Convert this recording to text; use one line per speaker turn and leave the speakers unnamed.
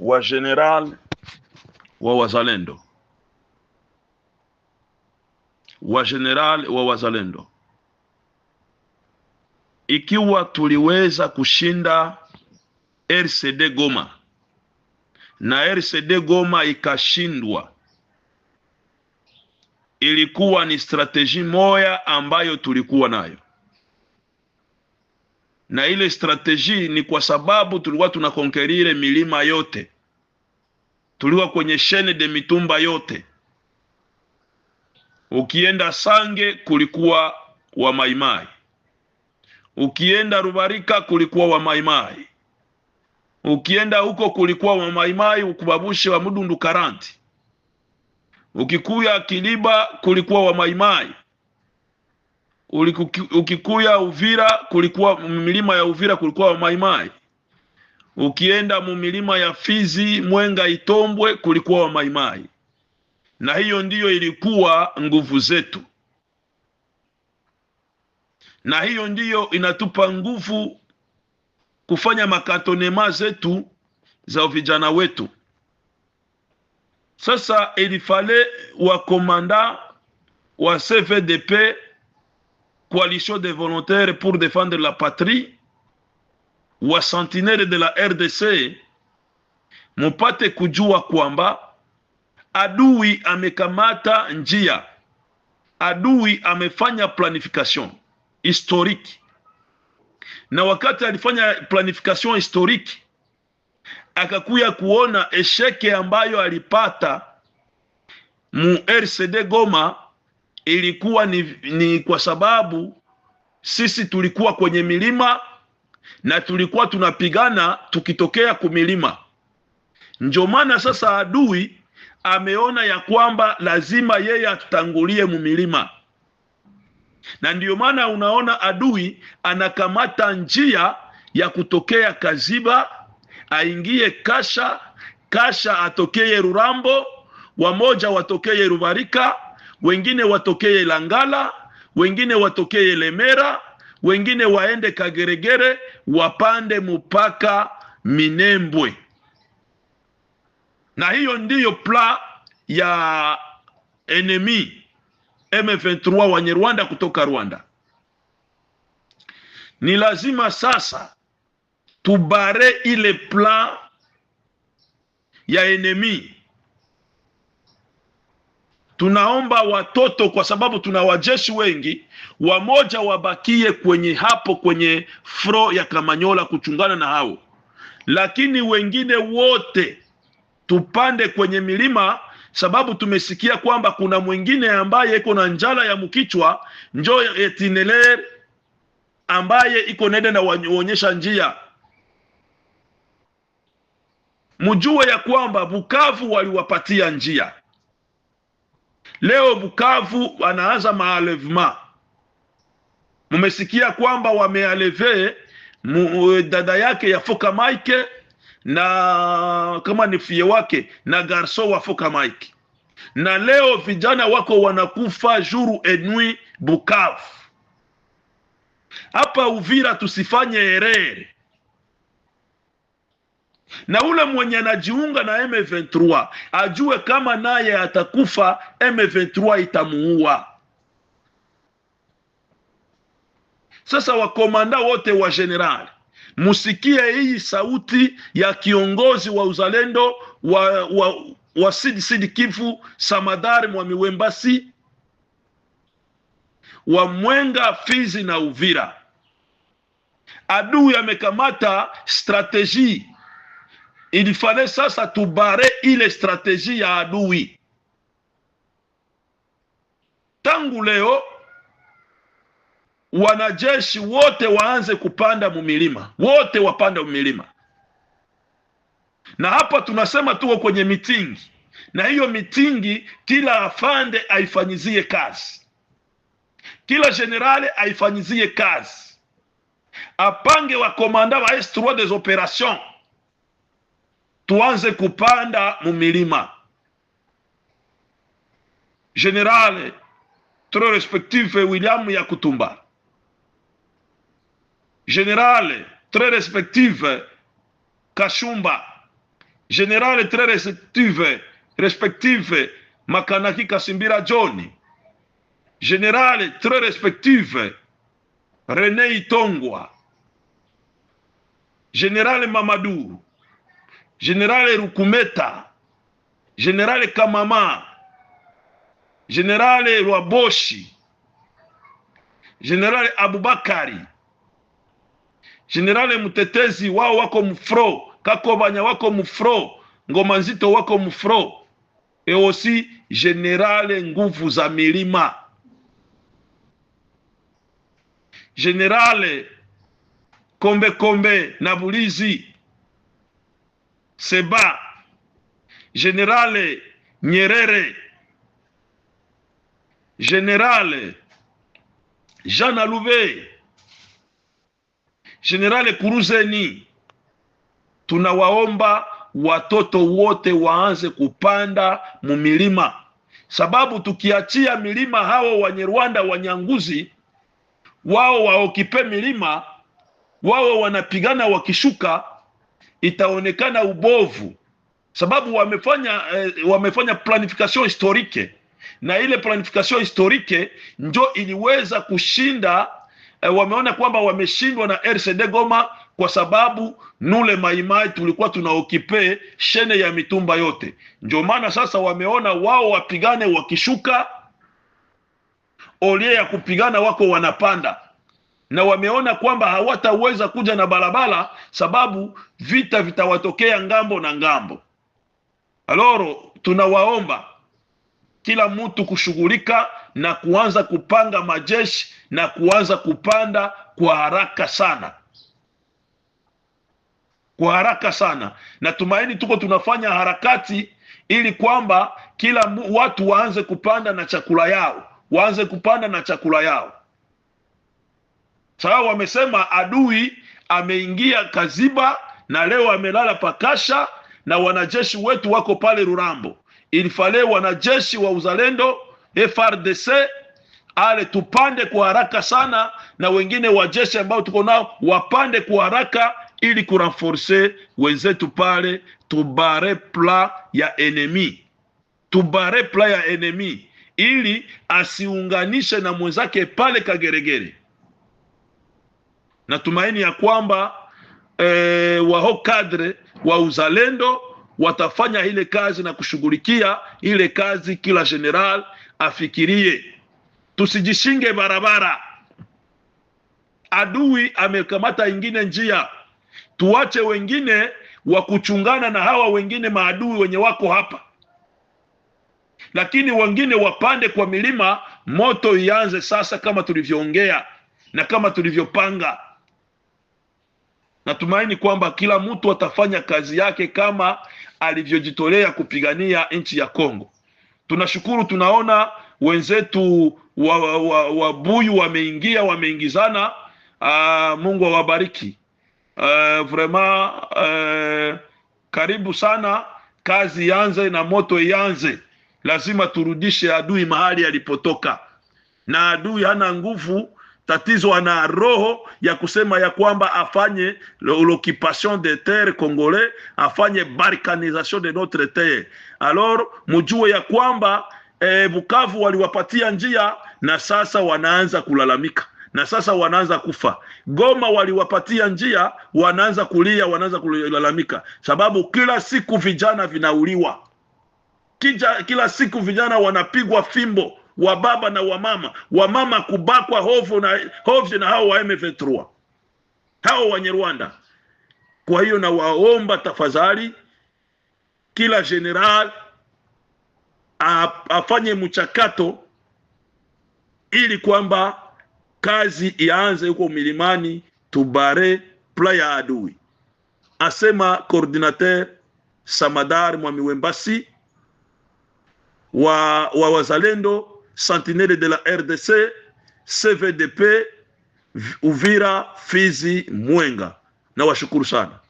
wa general wa wazalendo wa general wa wazalendo ikiwa tuliweza kushinda RCD Goma na RCD Goma ikashindwa, ilikuwa ni strateji moya ambayo tulikuwa nayo na ile strateji ni kwa sababu tulikuwa tunakonkerire milima yote, tulikuwa kwenye shene de mitumba yote. Ukienda Sange kulikuwa wa maimai, ukienda Rubarika kulikuwa wa maimai, ukienda huko kulikuwa wa maimai, ukubabushe wa mudundu karanti, ukikuya Kiliba kulikuwa wa maimai ukikuya Uvira kulikuwa milima ya Uvira kulikuwa maimai, ukienda mumilima ya Fizi, Mwenga, Itombwe kulikuwa wamaimai, na hiyo ndiyo ilikuwa nguvu zetu, na hiyo ndiyo inatupa nguvu kufanya makatonema zetu za vijana wetu. Sasa ilifale wakomanda wa CVDP coalition des volontaires pour défendre la patrie wa sentinelle de la RDC mupate kujua kwamba adui amekamata njia, adui amefanya planification historique, na wakati alifanya planification historique akakuya kuona esheke ambayo alipata mu RCD Goma ilikuwa ni, ni kwa sababu sisi tulikuwa kwenye milima na tulikuwa tunapigana tukitokea kumilima. Ndio maana sasa adui ameona ya kwamba lazima yeye atutangulie mumilima, na ndiyo maana unaona adui anakamata njia ya kutokea Kaziba aingie Kasha, Kasha atokeye Rurambo, wamoja watokeye Rubarika wengine watokee Langala, wengine watokee Lemera, wengine waende Kageregere, wapande mpaka Minembwe. Na hiyo ndiyo pla ya enemi M23 wenye Rwanda kutoka Rwanda. Ni lazima sasa tubare ile plan ya enemi tunaomba watoto, kwa sababu tuna wajeshi wengi, wamoja wabakie kwenye hapo kwenye fro ya Kamanyola kuchungana na hao, lakini wengine wote tupande kwenye milima, sababu tumesikia kwamba kuna mwingine ambaye iko na njala ya mkichwa njo etineler ambaye iko nende na waonyesha njia. Mjue ya kwamba Bukavu waliwapatia njia Leo Bukavu wanaanza maalevema. Mumesikia kwamba wamealeve dada yake ya Foka Mike na kama ni fie wake na garso wa Foka Mike, na leo vijana wako wanakufa juru enui Bukavu. Hapa Uvira tusifanye erere na ule mwenye anajiunga na M23 ajue kama naye atakufa, M23 itamuua. Sasa wakomanda wote wa generali, musikie hii sauti ya kiongozi wa uzalendo wa, wa, wa Sidi Sidi Kivu Samadari Mwami Wembasi wa Mwenga, Fizi na Uvira. Adui amekamata strategie il fallait sasa tubare ile strateji ya adui. Tangu leo wanajeshi wote waanze kupanda mumilima, wote wapanda mumilima. Na hapa tunasema tuko kwenye mitingi, na hiyo mitingi kila afande aifanyizie kazi, kila generale aifanyizie kazi, apange wakomanda wa, wa des operations tuanze kupanda mumilima. très respectif William Yakutumba, Général très respectif Kashumba, Général très respectif, respectif Makanaki Kasimbira John, General très respectif René Itongwa, Général Mamadou, General Rukumeta, General Kamama, General Rwaboshi, General Abubakari, General mutetezi wao wako mfro, Kakobanya wako mfro, Ngoma Nzito wako mfro, eosi General Nguvu za Milima, General Kombe Kombe na Bulizi Seba, général Nyerere, Generale Jean Alouve, Generale Kuruzeni, tunawaomba watoto wote waanze kupanda mumilima, sababu tukiachia milima hao wanyerwanda wanyanguzi wao waokipe milima, wao wanapigana wakishuka itaonekana ubovu, sababu wamefanya eh, wamefanya planification historique, na ile planification historique njo iliweza kushinda eh, wameona kwamba wameshindwa na RCD Goma kwa sababu nule maimai tulikuwa tunaokipe shene ya mitumba yote. Ndio maana sasa wameona wao wapigane wakishuka, olie ya kupigana wako wanapanda na wameona kwamba hawataweza kuja na barabara, sababu vita vitawatokea ngambo na ngambo. Aloro, tunawaomba kila mtu kushughulika na kuanza kupanga majeshi na kuanza kupanda kwa haraka sana, kwa haraka sana. Natumaini tuko tunafanya harakati ili kwamba kila watu waanze kupanda na chakula yao, waanze kupanda na chakula yao sababu wamesema adui ameingia Kaziba na leo amelala Pakasha na wanajeshi wetu wako pale Rurambo. Ilifale wanajeshi wa uzalendo FRDC ale tupande kwa haraka sana, na wengine wa jeshi ambao tuko nao wapande kwa haraka ili kuranforce wenzetu pale, tubare pla ya enemi, tubare pla ya enemi ili asiunganishe na mwenzake pale Kageregere. Natumaini ya kwamba e, eh, waho kadre wa uzalendo watafanya ile kazi na kushughulikia ile kazi. Kila general afikirie, tusijishinge barabara, adui amekamata ingine njia, tuwache wengine wa kuchungana na hawa wengine maadui wenye wako hapa, lakini wengine wapande kwa milima. Moto ianze sasa, kama tulivyoongea na kama tulivyopanga. Natumaini kwamba kila mtu atafanya kazi yake kama alivyojitolea kupigania nchi ya Kongo. Tunashukuru, tunaona wenzetu wa, wa, wa wameingia wameingizana. Aa, ah, Mungu awabariki wa eh, eh, karibu sana. Kazi ianze na moto ianze, lazima turudishe adui mahali alipotoka, na adui hana nguvu tatizo ana roho ya kusema ya kwamba afanye l'occupation de terre congolais, afanye balkanisation de notre terre. Alors mujue ya kwamba e, Bukavu waliwapatia njia na sasa wanaanza kulalamika na sasa wanaanza kufa. Goma waliwapatia njia, wanaanza kulia, wanaanza kulalamika, sababu kila siku vijana vinauliwa kija, kila siku vijana wanapigwa fimbo, wa baba na wamama, wamama kubakwa hofu na hofu na hao wa M23 hao wenye Rwanda. Kwa hiyo nawaomba tafadhali, kila general afanye mchakato ili kwamba kazi ianze huko milimani, tubare playa adui, asema coordinateur Samadar Mwamiwembasi wa, wa wazalendo sentinelle de la RDC, CVDP, Uvira, Fizi, Mwenga. N'awashukurushana.